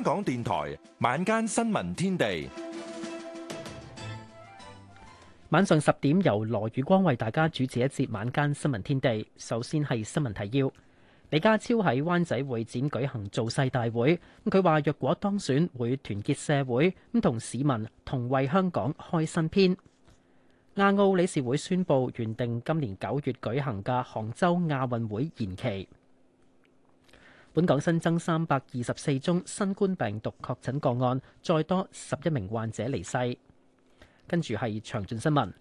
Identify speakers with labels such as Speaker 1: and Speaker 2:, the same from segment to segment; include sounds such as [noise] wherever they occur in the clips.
Speaker 1: 香港電台晚間新聞天地，
Speaker 2: 晚上十點由羅宇光為大家主持一節晚間新聞天地。首先係新聞提要：李家超喺灣仔會展舉行造勢大會，佢話若果當選會團結社會，咁同市民同為香港開新篇。亞奧理事會宣布原定今年九月舉行嘅杭州亞運會延期。本港新增三百二十四宗新冠病毒確診個案，再多十一名患者離世。跟住係詳盡新聞。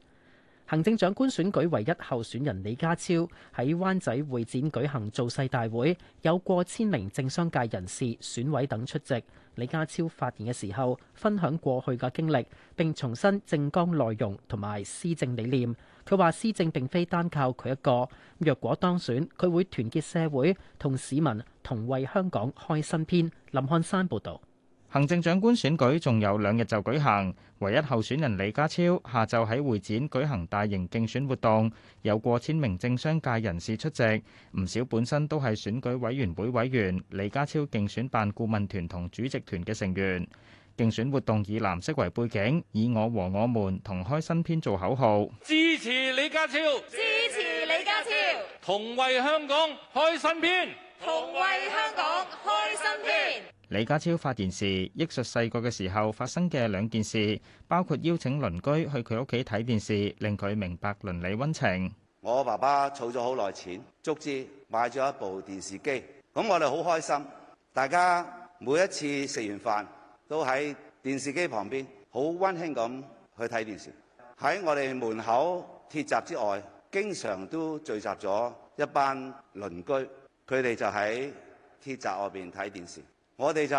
Speaker 2: 行政長官選舉唯一候選人李家超喺灣仔會展舉行造勢大會，有過千名政商界人士、選委等出席。李家超發言嘅時候，分享過去嘅經歷，並重申政綱內容同埋施政理念。佢話施政並非單靠佢一個，若果當選，佢會團結社會同市民，同為香港開新篇。林漢
Speaker 3: 山報道。行政長官選舉仲有兩日就舉行，唯一候選人李家超下晝喺會展舉行大型競選活動，有過千名政商界人士出席，唔少本身都係選舉委員會委員，李家超競選辦顧問團同主席團嘅成員。競選活動以藍色為背景，以“我和我們同開新篇”做口號，
Speaker 1: 支持李家超，
Speaker 4: 支持李家超，
Speaker 1: 同為香港開新篇，
Speaker 4: 同為香港開新篇。
Speaker 3: 李家超發電時，憶述細個嘅時候發生嘅兩件事，包括邀請鄰居去佢屋企睇電視，令佢明白鄰里溫情。
Speaker 5: 我爸爸儲咗好耐錢，足至買咗一部電視機。咁我哋好開心，大家每一次食完飯都喺電視機旁邊，好溫馨咁去睇電視。喺我哋門口鐵閘之外，經常都聚集咗一班鄰居，佢哋就喺鐵閘外邊睇電視。我哋就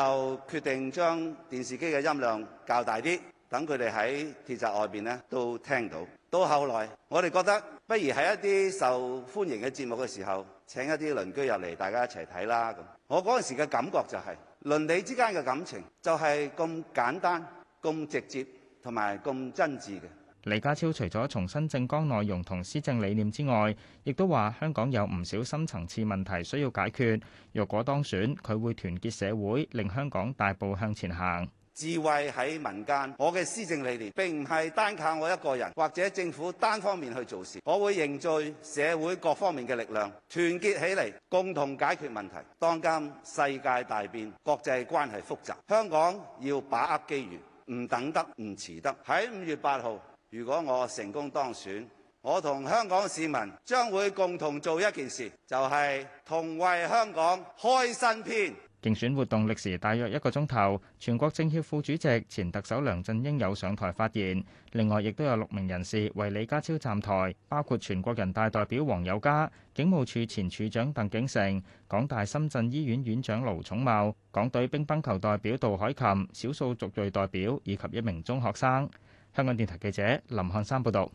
Speaker 5: 決定將電視機嘅音量較大啲，等佢哋喺鐵閘外邊咧都聽到。到後來，我哋覺得不如喺一啲受歡迎嘅節目嘅時候，請一啲鄰居入嚟，大家一齊睇啦。咁我嗰陣時嘅感覺就係鄰里之間嘅感情就係咁簡單、咁直接同埋咁真摯嘅。
Speaker 3: 李家超除咗重申政綱內容同施政理念之外，亦都話香港有唔少深層次問題需要解決。若果當選，佢會團結社會，令香港大步向前行。
Speaker 5: 智慧喺民間，我嘅施政理念並唔係單靠我一個人或者政府單方面去做事。我會凝聚社會各方面嘅力量，團結起嚟，共同解決問題。當今世界大變，國際關係複雜，香港要把握機遇，唔等得，唔遲得。喺五月八號。如果我成功當選，我同香港市民將會共同做一件事，就係、是、同為香港開新篇。
Speaker 3: 競選活動歷時大約一個鐘頭，全國政協副主席前特首梁振英有上台發言，另外亦都有六名人士為李家超站台，包括全國人大代表黃友嘉、警務處前處長鄧景成、港大深圳醫院院長盧重茂、港隊乒乓球代表杜海琴、少數族裔代表以及一名中學生。香港電台記者
Speaker 2: 林漢山報道，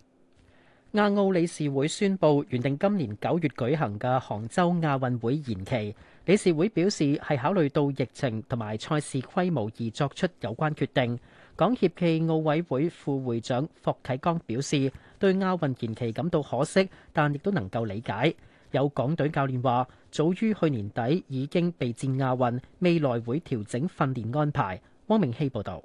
Speaker 2: 亞奧理事會宣布原定今年九月舉行嘅杭州亞運會延期。理事會表示係考慮到疫情同埋賽事規模而作出有關決定。港協暨奧委會副會長霍啟剛表示，對亞運延期感到可惜，但亦都能夠理解。有港隊教練話，早於去年底已經備戰亞運，未來會調整訓練安排。汪明希報道。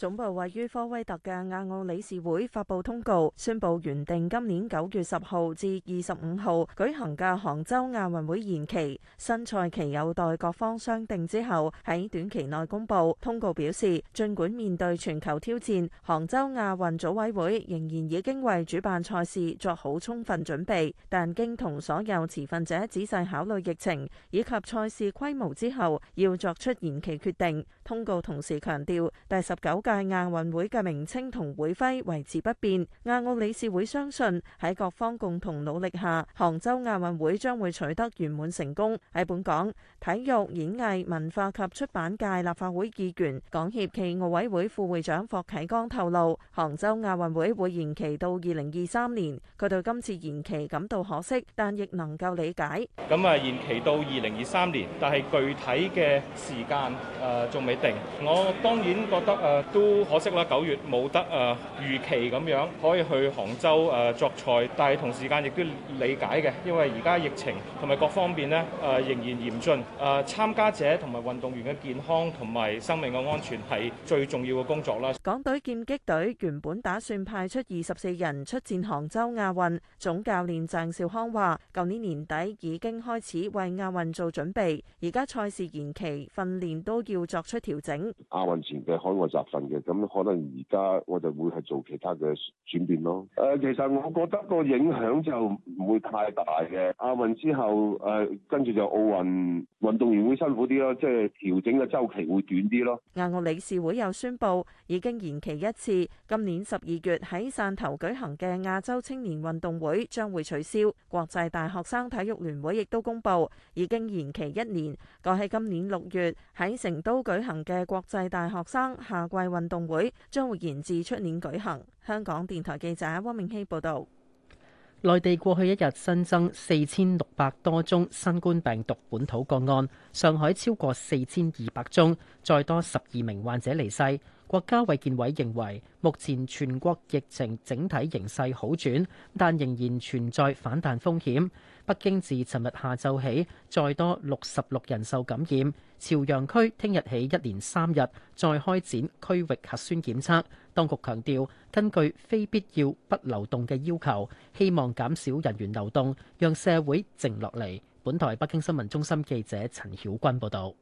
Speaker 6: 總部位於科威特嘅亞奧理事會發佈通告，宣佈原定今年九月十號至二十五號舉行嘅杭州亞運會延期，新賽期有待各方商定之後喺短期內公布。通告表示，盡管面對全球挑戰，杭州亞運組委會仍然已經為主辦賽事作好充分準備，但經同所有持份者仔細考慮疫情以及賽事規模之後，要作出延期決定。通告同時強調，第十九屆。屆亞運會嘅名稱同會徽維持不變。亞奧理事會相信喺各方共同努力下，杭州亞運會將會取得圓滿成功。喺本港，體育、演藝、文化及出版界立法會議員、港協暨奧委會副會長霍啟剛透露，杭州亞運會會延期到二零二三年。佢對今次延期感到可惜，但亦能夠理解。
Speaker 1: 咁啊，延期到二零二三年，但係具體嘅時間誒仲未定。我當然覺得誒。呃都可惜啦，九月冇得誒、呃、預期咁樣可以去杭州誒、呃、作賽，但係同時間亦都理解嘅，因為而家疫情同埋各方面呢誒、呃、仍然嚴峻誒、呃，參加者同埋運動員嘅健康同埋生命嘅安全係最重要嘅工作啦。港
Speaker 6: 隊劍擊隊原本打算派出二十四人出戰杭州亞運，總教練鄭少康話：舊年年底已經開始為亞運做準備，而家賽事延期，訓練都要作出調整。
Speaker 5: 亞運前嘅海外集訓。咁可能而家我就會係做其他嘅
Speaker 7: 轉變咯。
Speaker 5: 誒，其實我
Speaker 6: 覺得個影響就唔會太大嘅。亞運之
Speaker 5: 後誒跟住就奧運運動員會辛苦啲咯，即係調整嘅周期會短
Speaker 4: 啲咯。
Speaker 6: 亞奧理事會又宣布已經延期一次，今年十二月喺汕頭舉行嘅亞洲青年運動會將會取消。國際大學生體育聯會亦都公布已經延期一年，改喺今年六月喺成都舉行嘅國際大學生夏季。運動會將會延至出年舉行。香港電台記者汪明熙報導，
Speaker 2: 內地過去一日新增四千六百多宗新冠病毒本土個案，上海超過四千二百宗，再多十二名患者離世。國家衛健委認為，目前全國疫情整體形勢好轉，但仍然存在反彈風險。北京自尋日下晝起，再多六十六人受感染。朝陽區聽日起一連三日再開展區域核酸檢測。當局強調，根據非必要不流動嘅要求，希望減少人員流動，讓社會靜落嚟。本台北京新聞中心記者陳曉君報道，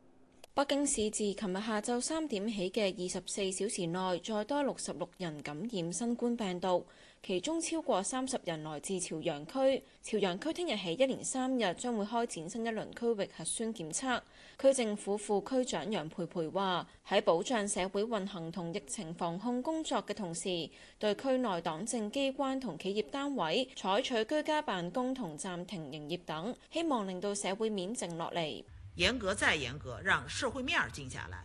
Speaker 8: 北京市自尋日下晝三點起嘅二十四小時內，再多六十六人感染新冠病毒。其中超過三十人來自潮陽區，潮陽區聽日起一連三日將會開展新一輪區域核酸檢測。區政府副區長楊培培話：喺保障社會運行同疫情防控工作嘅同時，對區內黨政機關同企業單位採取居家辦公同暫停營業等，希
Speaker 9: 望令到社會面靜落嚟。嚴格再嚴格，讓社會面靜下來。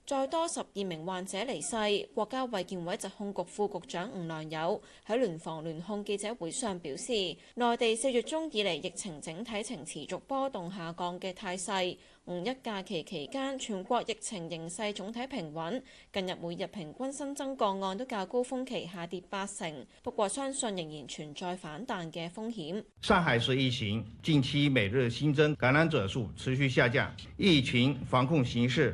Speaker 8: 再多十二名患者離世，國家衛健委疾控局副局長吳良友喺聯防聯控記者會上表示，內地四月中以嚟，疫情整體呈持續波動下降嘅態勢，五一假期期間，全國疫情形勢總體平穩，近日每日平均新增個案都較高峰期下跌八成。不過相信仍然存在反彈嘅風險。
Speaker 10: 上海市疫情近期每日新增感染者數持續下降，疫情防控形勢。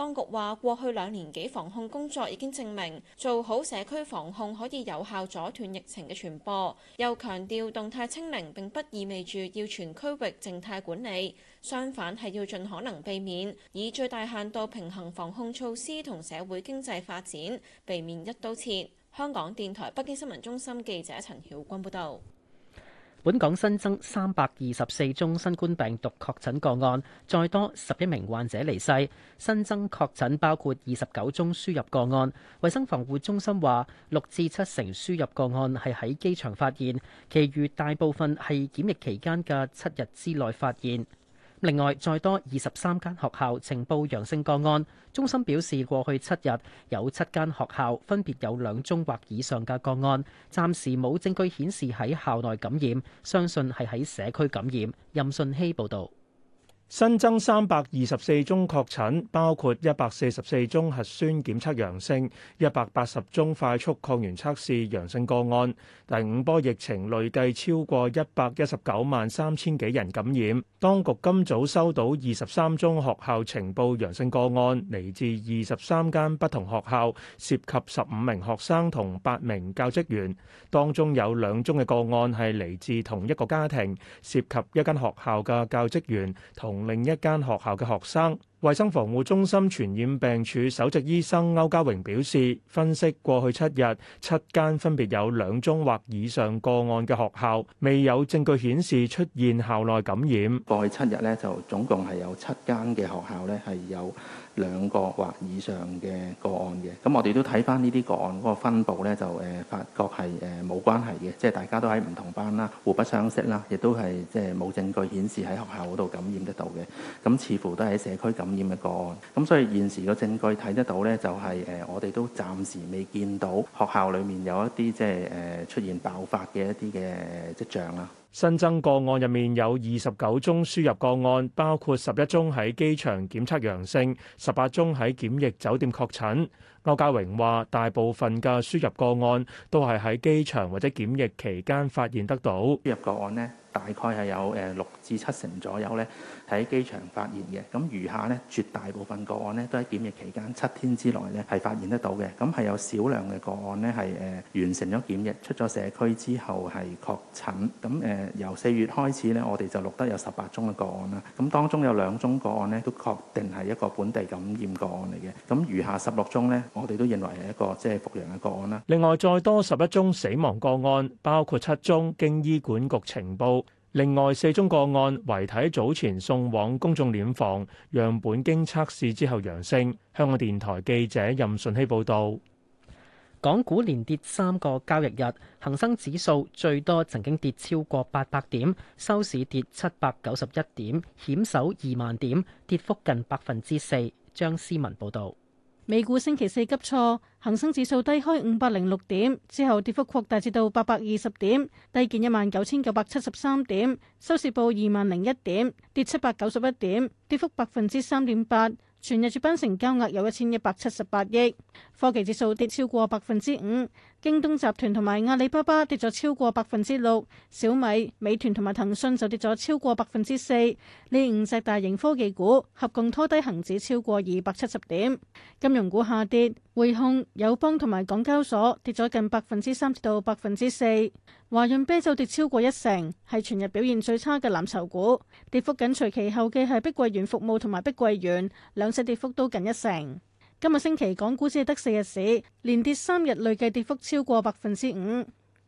Speaker 8: 當局話，過去兩年幾防控工作已經證明做好社區防控可以有效阻斷疫情嘅傳播，又強調動態清零並不意味住要全區域靜態管理，相反係要盡可能避免，以最大限度平衡防控措施同社會經濟發展，避免一刀切。香港電台北京新聞中心記者陳曉君報導。
Speaker 2: 本港新增三百二十四宗新冠病毒確診個案，再多十一名患者離世。新增確診包括二十九宗輸入個案。衛生防護中心話，六至七成輸入個案係喺機場發現，其餘大部分係檢疫期間嘅七日之內發現。另外，再多二十三間學校呈報陽性個案。中心表示，過去七日有七間學校分別有兩宗或以上嘅個，個，個案，暫時冇證據顯示喺校內感染，相信係喺社區感染。任信希報導。新增三百二十四宗確診，
Speaker 1: 包括一百四十四宗核酸檢測陽性、一百八十宗快速抗原測試陽性個案。第五波疫情累計超過一百一十九萬三千幾人感染。當局今早收到二十三宗學校情報陽性個案，嚟自二十三間不同學校，涉及十五名學生同八名教職員。當中有兩宗嘅個案係嚟自同一個家庭，涉及一間學校嘅教職員同。另一間學校嘅學生，衛生防護中心傳染病處首席醫生歐家榮表示，分析過去七日，七間分別有兩宗或以上個案嘅學校，未有證據顯示出
Speaker 10: 現校內感染。過去七日咧，就總共係有七間嘅學校咧，係有兩個或以上嘅個案嘅，咁我哋都睇返呢啲個案嗰個分佈呢，就誒、呃、發覺係誒冇關係嘅，即係大家都喺唔同班啦，互不相識啦，亦都係即係冇證據顯示喺學校嗰度感染得到嘅，咁似乎都係社區感染嘅個案。咁所以現時嘅證據睇得到呢，就係、是、誒、呃、我哋都暫時未見到學校裡面有一啲即係誒、呃、出現爆發嘅一啲嘅跡象啦。
Speaker 1: 新增個案入面有二十九宗輸入個案，包括十一宗喺機場檢測陽性，十八宗喺檢疫酒店確診。歐家榮話：大部分嘅輸入個案都係喺機場或者檢疫期間發現得到。輸入個案呢，大概係
Speaker 10: 有誒六至七成左右咧，喺機場發現嘅。咁餘下咧，絕大部分個案咧都喺檢疫期間七天之內咧係發現得到嘅。咁係有少量嘅個案咧係誒完成咗檢疫，出咗社區之後係確診。咁誒由四月開始咧，我哋就錄得有十八宗嘅個案啦。咁當中有兩宗個案咧都確定係一個本地感染個案嚟嘅。咁餘下十六宗咧，我哋都認為係一個即係復陽嘅個案啦。另外，
Speaker 1: 再多十一宗死亡個案，包括七宗經醫管局呈報。另外四宗個案遺體早前送往公眾殮房，樣本經測試之
Speaker 2: 後陽性。香港電台記者任順希報導。港股連跌三個交易日，恒生指數最多曾經跌超過八百點，收市跌七百九十一點，險守二萬點，跌幅近百分之四。張思文報導。
Speaker 11: 美股星期四急挫，恒生指數低開五百零六點，之後跌幅擴大至到八百二十點，低見一萬九千九百七十三點，收市報二萬零一點，跌七百九十一點，跌幅百分之三點八。全日主板成交額有一千一百七十八億，科技指數跌超過百分之五。京東集團同埋阿里巴巴跌咗超過百分之六，小米、美團同埋騰訊就跌咗超過百分之四，呢五隻大型科技股合共拖低恒指超過二百七十點。金融股下跌，匯控、友邦同埋港交所跌咗近百分之三至到百分之四，華潤啤酒跌超過一成，係全日表現最差嘅藍籌股。跌幅緊隨其後嘅係碧桂園服務同埋碧桂園，兩隻跌幅都近一成。今日星期，港股只係得四日市，連跌三日，累計跌幅超過百分之五。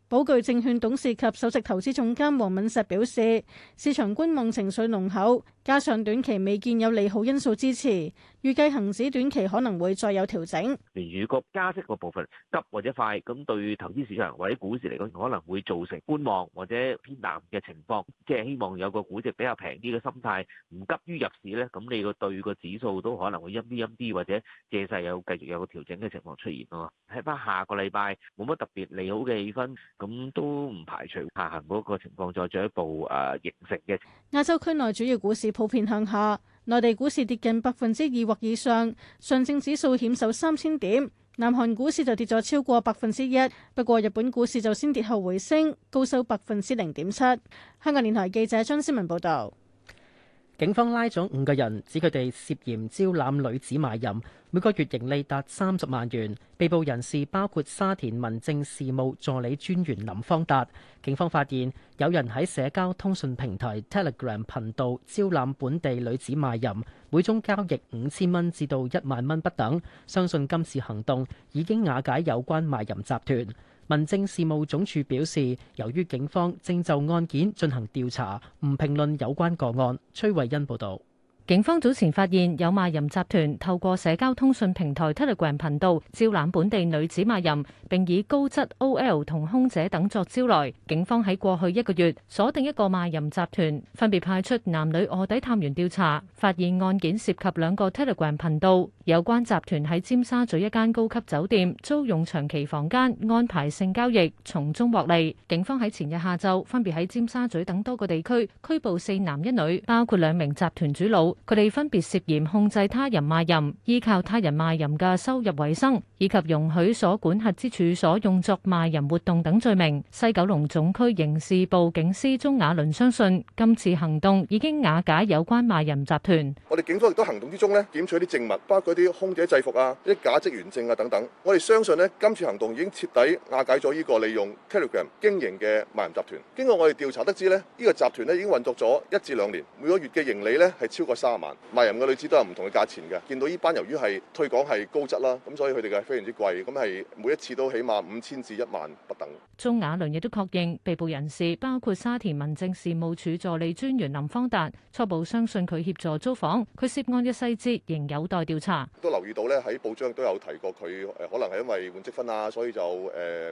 Speaker 11: 寶具證券董事及首席投資總監黃敏石表示，市場觀望情緒濃厚，加上短期未見有利好因素支持。預計恆指短期可能會再有調整。
Speaker 12: 聯儲局加息個部分急或者快，咁對投資市場或者股市嚟講，可能會造成觀望或者偏淡嘅情況。即係希望有個估值比較平啲嘅心態，唔急於入市咧，咁你個對個指數都可能會陰啲陰啲，或者借勢有繼續有個調整嘅情況出現咯。睇返下個禮拜冇乜特別利好嘅氣氛，咁都唔排除下行嗰個情況再進一步誒形
Speaker 11: 成嘅。亞洲區內主要股市普遍向下。內地股市跌近百分之二或以上，上證指數險守三千點。南韓股市就跌咗超過百分之一，不過日本股市就先跌後回升，高收百分之零點七。香港電台記者張思文報道。
Speaker 2: 警方拉咗五個人，指佢哋涉嫌招攬女子賣淫，每個月盈利達三十萬元。被捕人士包括沙田民政事務助理專員林方達。警方發現有人喺社交通訊平台 Telegram 頻道招攬本地女子賣淫，每宗交易五千蚊至到一萬蚊不等。相信今次行動已經瓦解有關賣淫集團。民政事務總署表示，由於警方正就案件進行調查，唔評論有關個案。崔慧欣報道。
Speaker 13: 警方早前發現有賣淫集團透過社交通訊平台 Telegram 頻道招攬本地女子賣淫，並以高質 OL 同空姐等作招來。警方喺過去一個月鎖定一個賣淫集團，分別派出男女卧底探員調查，發現案件涉及兩個 Telegram 頻道。有關集團喺尖沙咀一間高級酒店租用長期房間安排性交易，從中獲利。警方喺前日下晝分別喺尖沙咀等多個地區拘捕四男一女，包括兩名集團主腦。佢哋分別涉嫌控制他人賣淫、依靠他人賣淫嘅收入為生，以及容許所管轄之處所用作賣淫活動等罪名。西九龍總區刑事部警司鍾雅倫相信，今次行動已經瓦解有關賣淫集團。
Speaker 14: 我哋警方亦都行動之中咧，檢取啲證物，包括啲空姐制服啊、啲假職員證啊等等。我哋相信咧，今次行動已經徹底瓦解咗呢個利用 Telegram 經營嘅賣淫集團。經過我哋調查得知咧，呢個集團咧已經運作咗一至兩年，每個月嘅盈利咧係超過。卅萬，賣淫嘅女子都有唔同嘅價錢嘅，見到呢班由於係推廣係高質啦，咁所以佢哋嘅非常之貴，咁係每一次都起碼五千至一萬不等。
Speaker 13: 中亞倫亦都確認被捕人士包括沙田民政事務處助理專員林方達，初步相信佢協助租房，佢涉案嘅細節仍有待調查。
Speaker 14: 都留意到呢，喺報章都有提過佢可能係因為換積分啊，所以就誒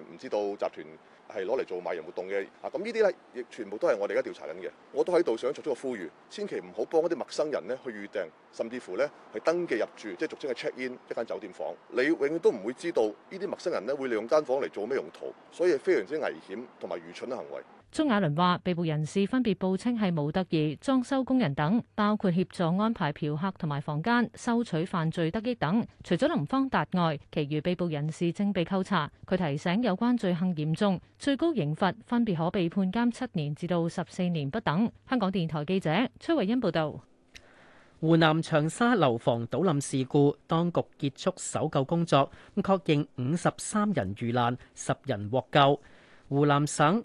Speaker 14: 唔知道集團。係攞嚟做賣淫活動嘅啊！咁呢啲呢，亦全部都係我哋而家調查緊嘅。我都喺度想作出個呼籲，千祈唔好幫一啲陌生人呢去預訂，甚至乎呢係登記入住，即係俗稱嘅 check in 一間酒店房。你永遠都唔會知道呢啲陌生人呢會利用間房嚟做咩用途，所以非常之危險同埋愚蠢嘅行為。
Speaker 13: 鍾雅倫話：被捕人士分別報稱係模特兒、裝修工人等，包括協助安排嫖客同埋房間、收取犯罪得益等。除咗林方達外，其餘被捕人士正被扣查。佢提醒有關罪行嚴重，最高刑罰分別可被判監七年至到十四年不等。香港電台記者崔慧欣報道。
Speaker 2: 湖南長沙樓房倒冧事故，當局結束搜救工作，咁確認五十三人遇難，十人獲救。湖南省。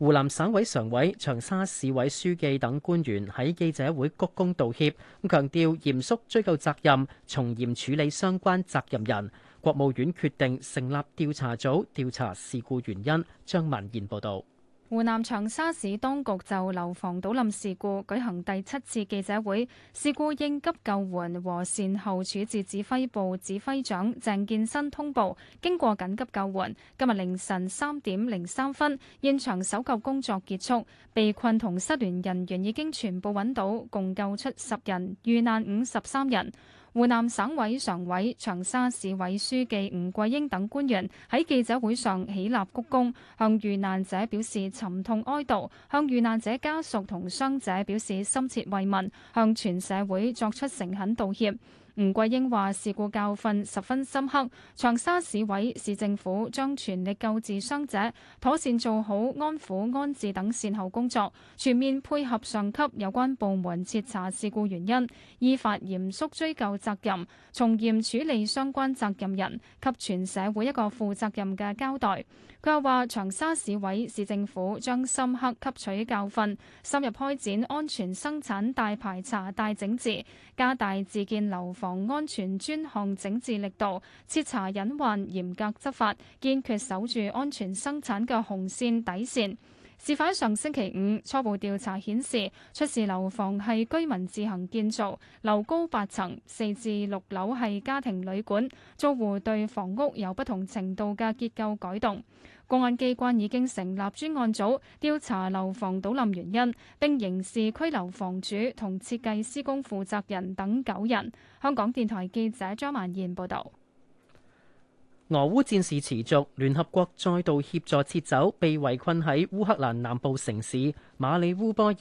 Speaker 2: 湖南省委常委、長沙市委書記等官員喺記者會鞠躬道歉，強調嚴肅追究責任，從嚴處理相關責任人。國務院決定成立調查組調查事故原因。張文賢報道。
Speaker 15: 湖南長沙市當局就樓房倒冧事故舉行第七次記者會，事故應急救援和善後處置指揮部指揮長鄭建新通報，經過緊急救援，今日凌晨三點零三分，現場搜救工作結束，被困同失聯人員已經全部揾到，共救出十人，遇難五十三人。湖南省委常委、長沙市委書記吳桂英等官員喺記者會上起立鞠躬，向遇難者表示沉痛哀悼，向遇難者家屬同傷者表示深切慰問，向全社會作出誠懇道歉。吳桂英話：事故教訓十分深刻，長沙市委市政府將全力救治傷者，妥善做好安撫安置等善後工作，全面配合上級有關部門徹查事故原因，依法嚴肅追究責任，從嚴處理相關責任人，給全社會一個負責任嘅交代。佢又話：長沙市委市政府將深刻吸取教訓，深入開展安全生產大排查大整治，加大自建樓房安全專項整治力度，徹查隱患，嚴格執法，堅決守住安全生產嘅紅線底線。事發上星期五，初步調查顯示，出事樓房係居民自行建造，樓高八層，四至六樓係家庭旅館，租戶對房屋有不同程度嘅結構改動。公安機關已經成立專案組調查樓房倒冧原因，並刑事拘留房主同設計施工負責人等九人。香港電台記者張曼燕報道。
Speaker 2: 俄烏戰事持續，聯合國再度協助撤走被圍困喺烏克蘭南部城市馬里烏波爾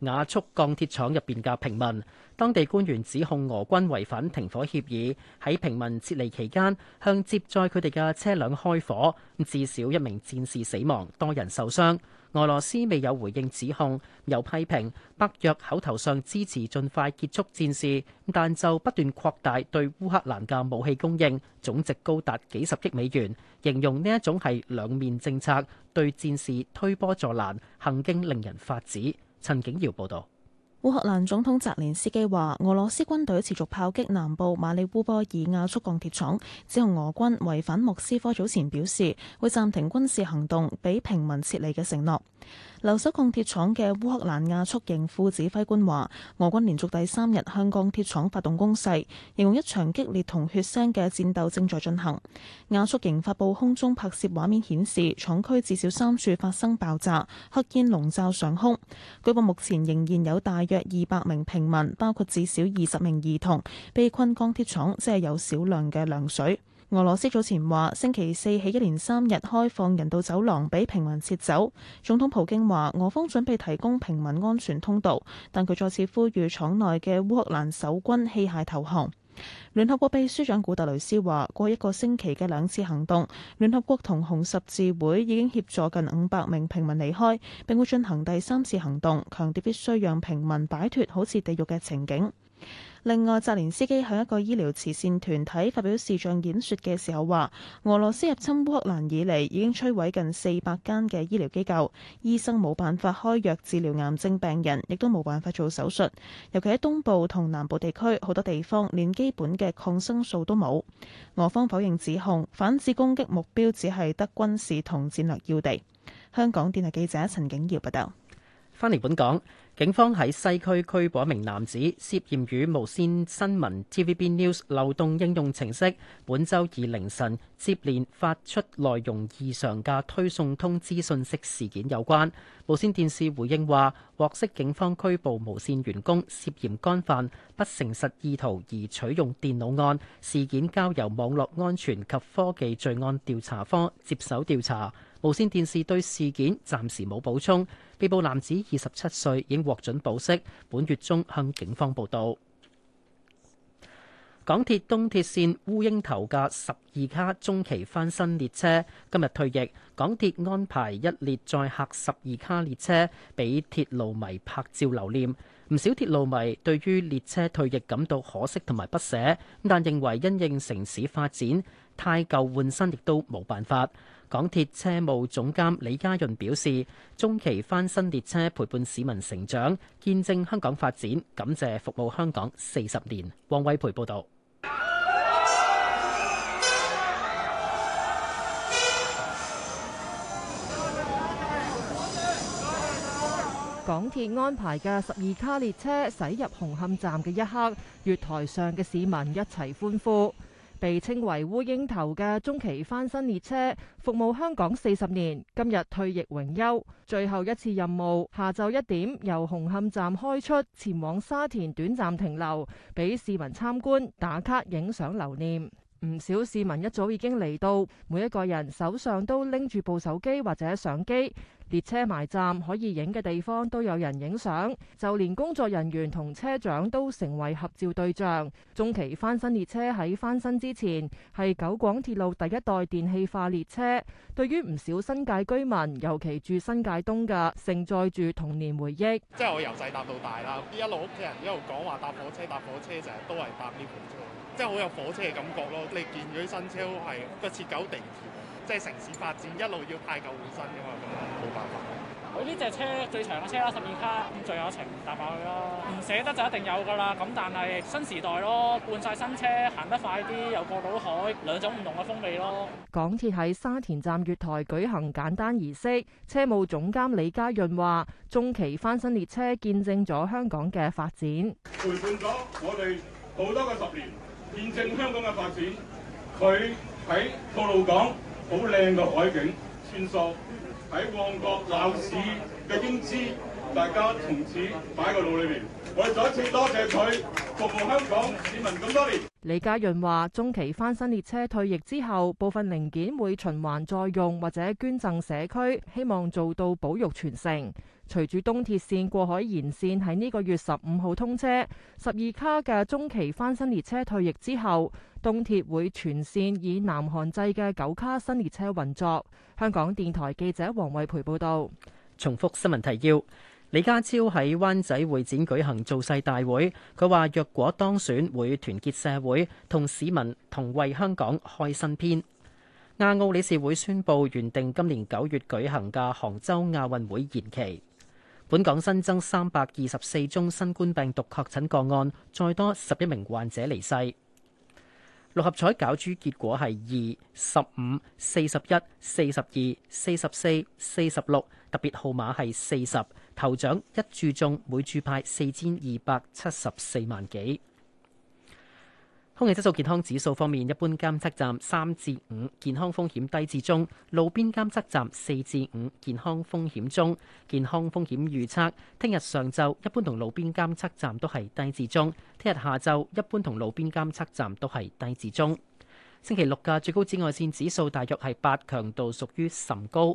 Speaker 2: 亞速鋼鐵廠入邊嘅平民。當地官員指控俄軍違反停火協議，喺平民撤離期間向接載佢哋嘅車輛開火，至少一名戰士死亡，多人受傷。俄羅斯未有回應指控，有批評北約口頭上支持盡快結束戰事，但就不斷擴大對烏克蘭嘅武器供應，總值高達幾十億美元，形容呢一種係兩面政策，對戰事推波助瀾，行徑令人髮指。陳景堯報道。
Speaker 9: 烏克蘭總統澤連斯基話：俄羅斯軍隊持續炮擊南部馬里烏波爾亞速鋼鐵廠，指控俄軍違反莫斯科早前表示會暫停軍事行動、俾平民撤離嘅承諾。留守鋼鐵廠嘅烏克蘭亞速營副指揮官話：俄軍連續第三日向鋼鐵廠發動攻勢，形容一場激烈同血腥嘅戰鬥正在進行。亞速營發布空中拍攝畫面顯示，廠區至少三處發生爆炸，黑煙籠罩上空。據報目前仍然有大約二百名平民，包括至少二十名兒童，被困鋼鐵廠，即係有少量嘅涼水。俄羅斯早前話，星期四起一連三日開放人道走廊俾平民撤走。總統普京話，俄方準備提供平民安全通道，但佢再次呼籲廠內嘅烏克蘭守軍棄械投降。聯合國秘書長古特雷斯話，過去一個星期嘅兩次行動，聯合國同紅十字會已經協助近五百名平民離開，並會進行第三次行動，強調必須讓平民擺脫好似地獄嘅情景。另外，澤連斯基向一個醫療慈善團體發表視像演說嘅時候話，俄羅斯入侵烏克蘭以嚟，已經摧毀近四百間嘅醫療機構，醫生冇辦法開藥治療癌症病人，亦都冇辦法做手術。尤其喺東部同南部地區，好多地方連基本嘅抗生素都冇。俄方否認指控，反制攻擊目標只係得軍事同戰略要地。香港電台記者陳景瑤報道。
Speaker 2: 翻嚟本港。警方喺西區拘捕一名男子，涉嫌與無線新聞 （TVB News） 流動應用程式本周二凌晨接連發出內容異常嘅推送通知信息事件有關。無線電視回應話，獲悉警方拘捕無線員工涉嫌干犯不誠實意圖而取用電腦案事件，交由網絡安全及科技罪案調查科接手調查。無線電視對事件暫時冇補充。被捕男子二十七歲，已經獲准保釋，本月中向警方報到。港鐵東鐵綫烏蠅頭架十二卡中期翻新列車今日退役，港鐵安排一列載客十二卡列車俾鐵路迷拍照留念。唔少鐵路迷對於列車退役感到可惜同埋不捨，但認為因應城市發展汰舊換新亦都冇辦法。港鐵車務總監李家潤表示：中期翻新列車陪伴市民成長，見證香港發展，感謝服務香港四十年。王偉培報導。
Speaker 7: 港鐵安排嘅十二卡列車駛入紅磡站嘅一刻，月台上嘅市民一齊歡呼。被稱為烏蠅頭嘅中期翻新列車服務香港四十年，今日退役榮休，最後一次任務。下晝一點由紅磡站開出，前往沙田短暫停留，俾市民參觀、打卡、影相留念。唔少市民一早已經嚟到，每一個人手上都拎住部手機或者相機。列車埋站，可以影嘅地方都有人影相，就連工作人員同車長都成為合照對象。中期翻新列車喺翻新之前係九廣鐵路第一代電氣化列車，對於唔少新界居民，尤其住新界東嘅，盛載住童年回憶。即係我由細
Speaker 10: 搭到大啦，一路屋企人一路講話搭火車搭火車，成日都係搭呢盤車，常常即係好有火車嘅感覺咯。你見到啲新車都係個設計似地鐵，即係城市發展一路
Speaker 4: 要汰舊換新噶嘛。呢隻車最長嘅車啦，十二卡咁最有情搭埋去咯，唔捨得就一定有噶啦。咁但係新時代咯，換晒新車，行得快啲，又過到海，兩種唔同嘅風味咯。
Speaker 7: 港鐵喺沙田站月台舉行簡單儀式，車務總監李家潤話：中期翻新列車見證咗香港嘅發展，
Speaker 16: 陪伴咗我哋好多個十年，見證香港嘅發展。佢喺吐露港好靚嘅海景穿梭。喺旺角鬧市嘅英姿，大家從此擺喺個腦裏面。我哋再一次多謝佢服務香港市民咁多年。
Speaker 7: 李家潤話：中期翻新列車退役之後，部分零件會循環再用或者捐贈社區，希望做到保育全城。隨住東鐵綫過海延綫喺呢個月十五號通車，十二卡嘅中期翻新列車退役之後，東鐵會全綫以南韓製嘅九卡新列車運作。香港電台記者黃慧培報道。
Speaker 2: 重複新聞提要：李家超喺灣仔會展舉行造勢大會，佢話若果當選會團結社會，同市民同為香港開新篇。亞奧理事會宣布原定今年九月舉行嘅杭州亞運會延期。本港新增三百二十四宗新冠病毒確診個案，再多十一名患者離世。六合彩攪珠結果係二十五、四十一、四十二、四十四、四十六，特別號碼係四十。頭獎一注中，每注派四千二百七十四萬幾。空氣質素健康指數方面，一般監測站三至五，健康風險低至中；路邊監測站四至五，健康風險中。健康風險預測：聽日上晝一般同路邊監測站都係低至中；聽日下晝一般同路邊監測站都係低至中。星期六嘅最高紫外綫指數大約係八，強度屬於甚高。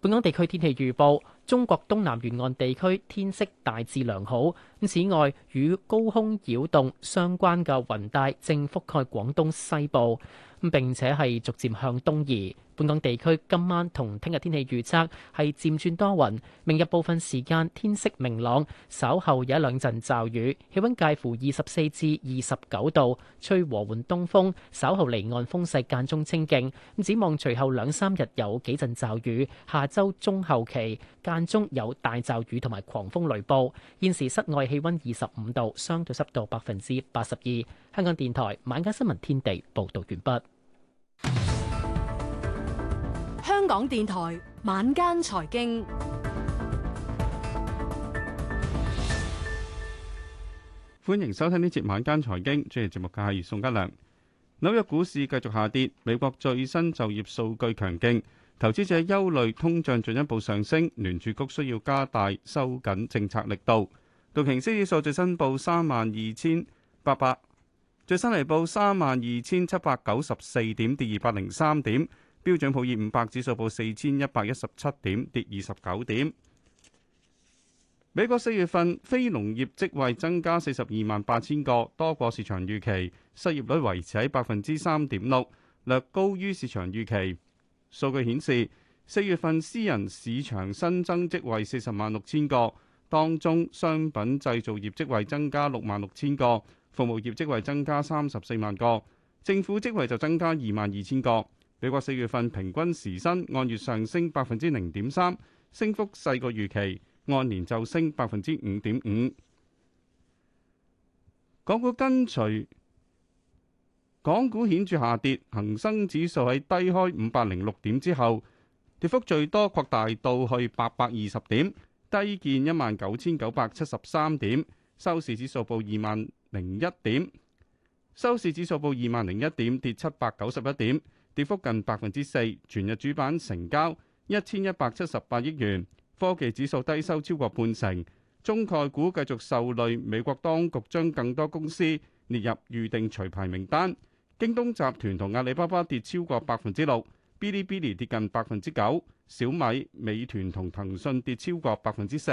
Speaker 2: 本港地區天氣預報。中國東南沿岸地區天色大致良好。咁此外，與高空擾動相關嘅雲帶正覆蓋廣東西部，咁並且係逐漸向東移。本港地區今晚同聽日天氣預測係漸轉多雲，明日部分時間天色明朗，稍後有一兩陣驟雨。氣温介乎二十四至二十九度，吹和緩東風，稍後離岸風勢間中清勁。咁展望隨後兩三日有幾陣驟雨，下週中後期間。中有大驟雨同埋狂風雷暴。現時室外氣溫二十五度，相對濕度百分之八十二。香港電台晚間新聞天地報道完畢。
Speaker 13: 香港電台晚間財經，
Speaker 16: 歡迎收聽呢節晚間財經，主持節目嘅係宋家良。紐約股市繼續下跌，美國最新就業數據強勁。投資者憂慮通脹進一步上升，聯儲局需要加大收緊政策力度。道瓊斯指數最新報三萬二千八百，最新嚟報三萬二千七百九十四點，跌二百零三點。標準普爾五百指數報四千一百一十七點，跌二十九點。美國四月份非農業職位增加四十二萬八千個，多過市場預期，失業率維持喺百分之三點六，略高於市場預期。數據顯示，四月份私人市場新增職位四十萬六千個，當中商品製造業職位增加六萬六千個，服務業職位增加三十四萬個，政府職位就增加二萬二千個。美國四月份平均時薪按月上升百分之零點三，升幅細過預期，按年就升百分之五點五。港股跟隨。港股顯著下跌，恒生指數喺低開五百零六點之後，跌幅最多擴大到去八百二十點。低見一萬九千九百七十三點，收市指數報二萬零一點。收市指數報二萬零一點，跌七百九十一點，跌幅近百分之四。全日主板成交一千一百七十八億元。科技指數低收超過半成，中概股繼續受累，美國當局將更多公司列入預定除牌名單。京東集團同阿里巴巴跌超過百分之六，嗶哩嗶哩跌近百分之九，小米、美團同騰訊跌超過百分之四。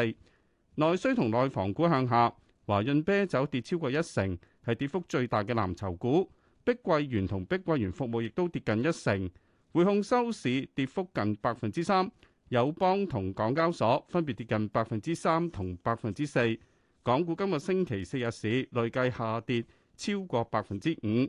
Speaker 16: 內需同內房股向下，華潤啤酒跌超過一成，係跌幅最大嘅藍籌股。碧桂園同碧桂園服務亦都跌近一成。匯控收市跌幅近百分之三，友邦同港交所分別跌近百分之三同百分之四。港股今日星期四日市累計下跌超過百分之五。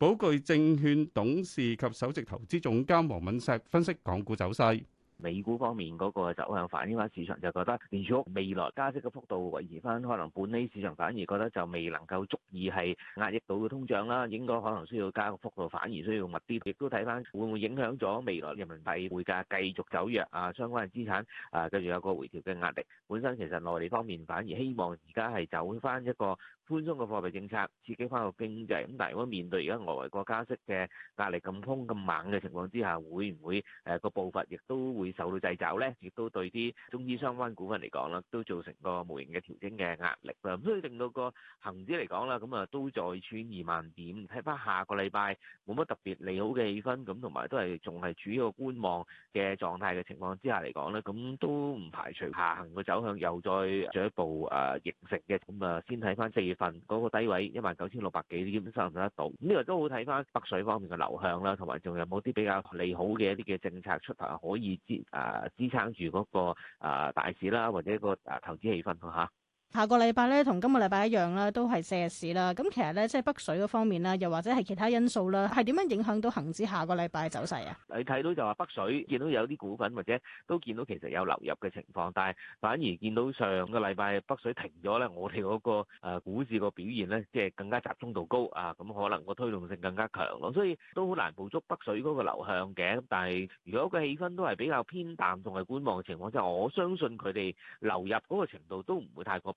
Speaker 16: 寶鉅證券董事及首席投資總監王敏石
Speaker 12: 分析港股走勢。美股方面嗰個走向反映翻市場就覺得，而如果未來加息嘅幅度維持翻，可能本地市場反而覺得就未能夠足以係壓抑到個通脹啦，應該可能需要加個幅度，反而需要密啲。亦都睇翻會唔會影響咗未來人民幣匯價繼續走弱啊，相關嘅資產啊，繼續有個回調嘅壓力。本身其實內地方面反而希望而家係走翻一個寬鬆嘅貨幣政策，刺激翻個經濟。咁但係如果面對而家外圍國加息嘅壓力咁兇咁猛嘅情況之下，會唔會誒個步伐亦都會受到掣肘咧，亦都對啲中資相關股份嚟講啦，都造成個無形嘅調整嘅壓力啦。咁所以令到個恆指嚟講啦，咁啊都再穿二萬點。睇翻下個禮拜冇乜特別利好嘅氣氛，咁同埋都係仲係處於一個觀望嘅狀態嘅情況之下嚟講咧，咁都唔排除下行嘅走向又再進一步誒形成嘅。咁啊，先睇翻四月份嗰個低位一萬九千六百幾點，基本上得唔得到。咁呢個都好睇翻北水方面嘅流向啦，同埋仲有冇啲比較利好嘅一啲嘅政策出台可以支啊，支撐住嗰個啊大市啦，或者個啊投資氣氛咯嚇。
Speaker 11: 下個禮拜咧，同今個禮拜一樣啦，都係四日市啦。咁其實咧，即係北水嗰方面咧，又或者係其他因素啦，係點樣影響到恆指下個禮拜嘅走勢啊？
Speaker 12: 你睇到就話北水，見到有啲股份或者都見到其實有流入嘅情況，但係反而見到上個禮拜北水停咗咧，我哋嗰個誒股市個表現咧，即係更加集中度高啊，咁可能個推動性更加強咯。所以都好難捕捉北水嗰個流向嘅。但係如果個氣氛都係比較偏淡，同埋觀望嘅情況之下，我相信佢哋流入嗰個程度都唔會太過。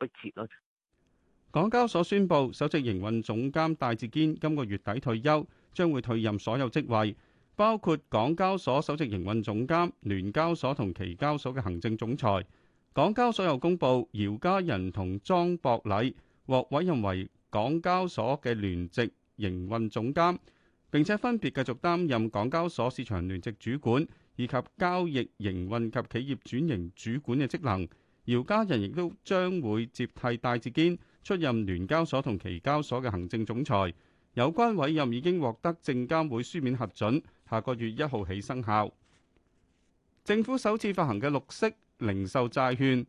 Speaker 16: 港交所宣布，首席營運總監戴志堅今個月底退休，將會退任所有職位，包括港交所首席營運總監、聯交所同期交所嘅行政總裁。港交所又公布姚嘉仁同莊博禮獲委任為港交所嘅聯席營運總監，並且分別繼續擔任港交所市場聯席主管以及交易營運及企業轉型主管嘅職能。姚家人亦都將會接替戴志堅出任聯交所同期交所嘅行政總裁。有關委任已經獲得證監會書面核准，下個月一號起生效。政府首次發行嘅綠色零售債券，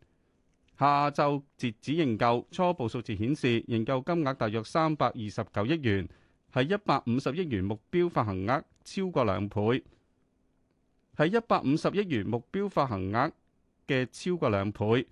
Speaker 16: 下晝截止認購，初步數字顯示認購金額大約三百二十九億元，係一百五十億元目標發行額超過兩倍，係一百五十億元目標發行額嘅超過兩倍，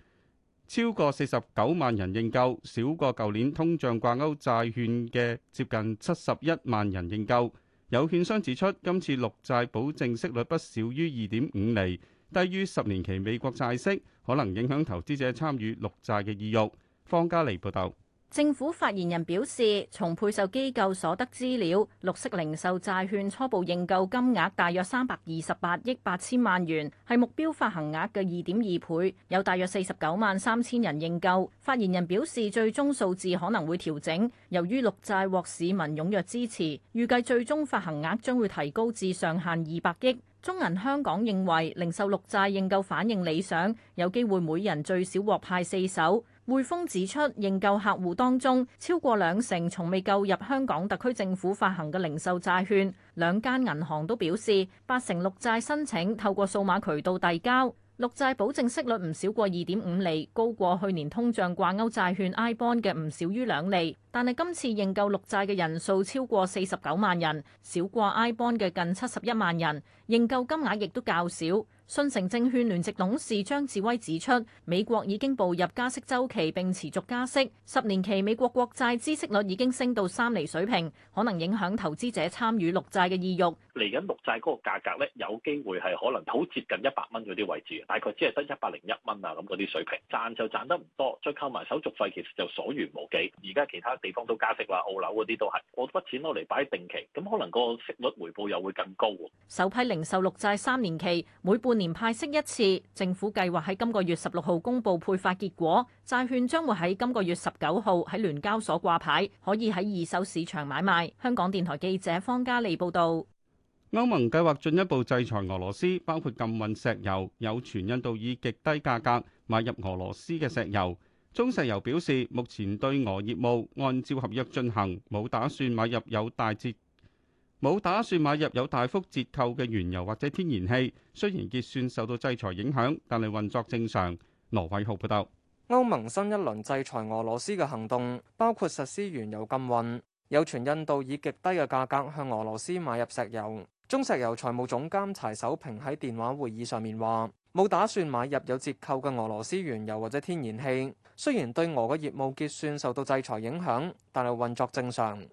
Speaker 16: 超過四十九萬人認購，少過舊年通脹掛鈎債券嘅接近七十一萬人認購。有券商指出，今次綠債保證息率不少於二點五厘，低於十年期美國債息，可能影響投資者參與綠債嘅意欲。方嘉莉報導。
Speaker 17: 政府發言人表示，從配售機構所得資料，綠色零售債券初步認購金額大約三百二十八億八千萬元，係目標發行額嘅二點二倍，有大約四十九萬三千人認購。發言人表示，最終數字可能會調整，由於綠債獲市民踴躍支持，預計最終發行額將會提高至上限二百億。中銀香港認為，零售綠債認購反應理想，有機會每人最少獲派四手。匯豐指出，認購客戶當中超過兩成從未購入香港特區政府發行嘅零售債券。兩間銀行都表示，八成綠債申請透過數碼渠道遞交，綠債保證息率唔少過二點五厘，高過去年通脹掛鈎債券 iBond 嘅唔少於兩厘。但係今次認購綠債嘅人數超過四十九萬人，少過 iBond 嘅近七十一萬人，認購金額亦都較少。信誠證券聯席董事張智威指出，美國已經步入加息周期，並持續加息。十年期美國國債孳息率已經升到三厘水平，可能影響投資者參與綠債嘅意欲。
Speaker 12: 嚟緊綠債嗰個價格呢，有機會係可能好接近一百蚊嗰啲位置，大概只係得一百零一蚊啊咁嗰啲水平。賺就賺得唔多，再扣埋手續費，其實就所餘無幾。而家其他地方都加息啦，澳樓嗰啲都係，我筆錢攞嚟擺定期，咁可能個息率回報又會更高。
Speaker 17: 首批零售綠債三年期每半。半年派息一次，政府計劃喺今個月十六號公佈配發結果，債券將會喺今個月十九號喺聯交所掛牌，可以喺二手市場買賣。香港電台記者方嘉利報道。
Speaker 16: 歐盟計劃進一步制裁俄羅斯，包括禁運石油，有傳印度以極低價格買入俄羅斯嘅石油。中石油表示，目前對俄業務按照合約進行，冇打算買入有大折。冇打算買入有大幅折扣嘅原油或者天然氣。雖然結算受到制裁影響，但係運作正常。羅偉浩報道：
Speaker 4: 歐盟新一輪制裁俄羅斯嘅行動包括實施原油禁運，有傳印度以極低嘅價格向俄羅斯買入石油。中石油財務總監柴守平喺電話會議上面話：冇打算買入有折扣嘅俄羅斯原油或者天然氣。雖然對俄嘅業務結算受到制裁影響，但係運作正常。 [music]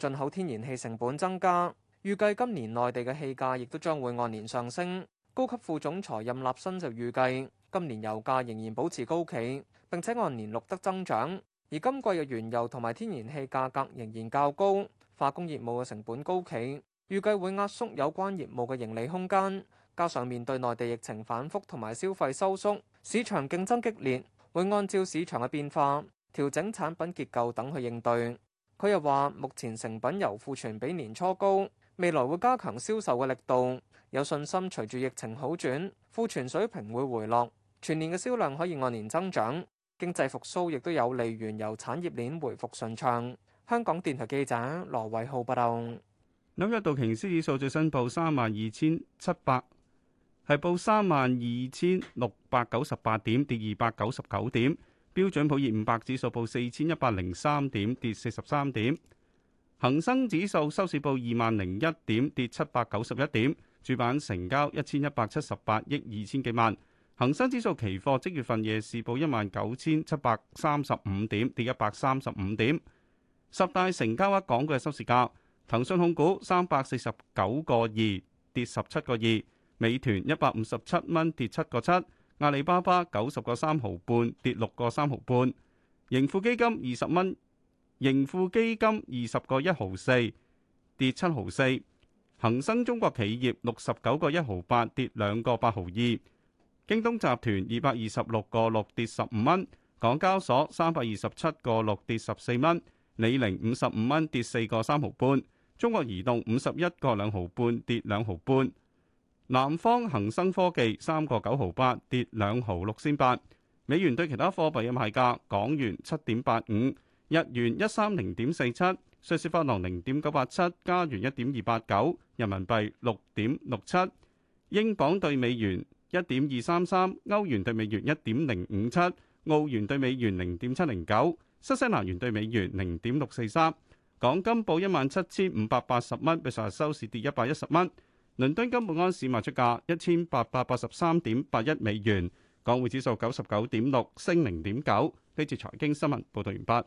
Speaker 4: 進口天然氣成本增加，預計今年內地嘅氣價亦都將會按年上升。高級副總裁任立新就預計，今年油價仍然保持高企，並且按年錄得增長。而今季嘅原油同埋天然氣價格仍然較高，化工業務嘅成本高企，預計會壓縮有關業務嘅盈利空間。加上面對內地疫情反覆同埋消費收縮，市場競爭激烈，會按照市場嘅變化調整產品結構等去應對。佢又話：目前成品油庫存比年初高，未來會加強銷售嘅力度，有信心隨住疫情好轉，庫存水平會回落，全年嘅銷量可以按年增長。經濟復甦亦都有利原油產業鏈回復順暢。香港電台記者羅偉浩報道。
Speaker 16: 紐約道瓊斯指數最新報三萬二千七百，係報三萬二千六百九十八點，跌二百九十九點。標準普爾五百指數報四千一百零三點，跌四十三點；恆生指數收市報二萬零一點，跌七百九十一點。主板成交一千一百七十八億二千幾萬。恆生指數期貨即月份夜市報一萬九千七百三十五點，跌一百三十五點。十大成交額港股嘅收市價：騰訊控股三百四十九個二，跌十七個二；美團一百五十七蚊，跌七個七。阿里巴巴九十個三毫半跌六個三毫半，盈富基金二十蚊，盈富基金二十個一毫四跌七毫四，恒生中國企業六十九個一毫八跌兩個八毫二，京東集團二百二十六個六跌十五蚊，港交所三百二十七個六跌十四蚊，李寧五十五蚊跌四個三毫半，中國移動五十一個兩毫半跌兩毫半。南方恒生科技三個九毫八，跌兩毫六仙八。美元對其他貨幣嘅賣價：港元七點八五，日元一三零點四七，瑞士法郎零點九八七，加元一點二八九，人民幣六點六七，英鎊對美元一點二三三，歐元對美元一點零五七，澳元對美元零點七零九，新西蘭元對美元零點六四三。港金報一萬七千五百八十蚊，比上日收市跌一百一十蚊。倫敦金每安市賣出價一千八百八十三點八一美元，港匯指數九十九點六，升零點九。呢次財經新聞報道完畢。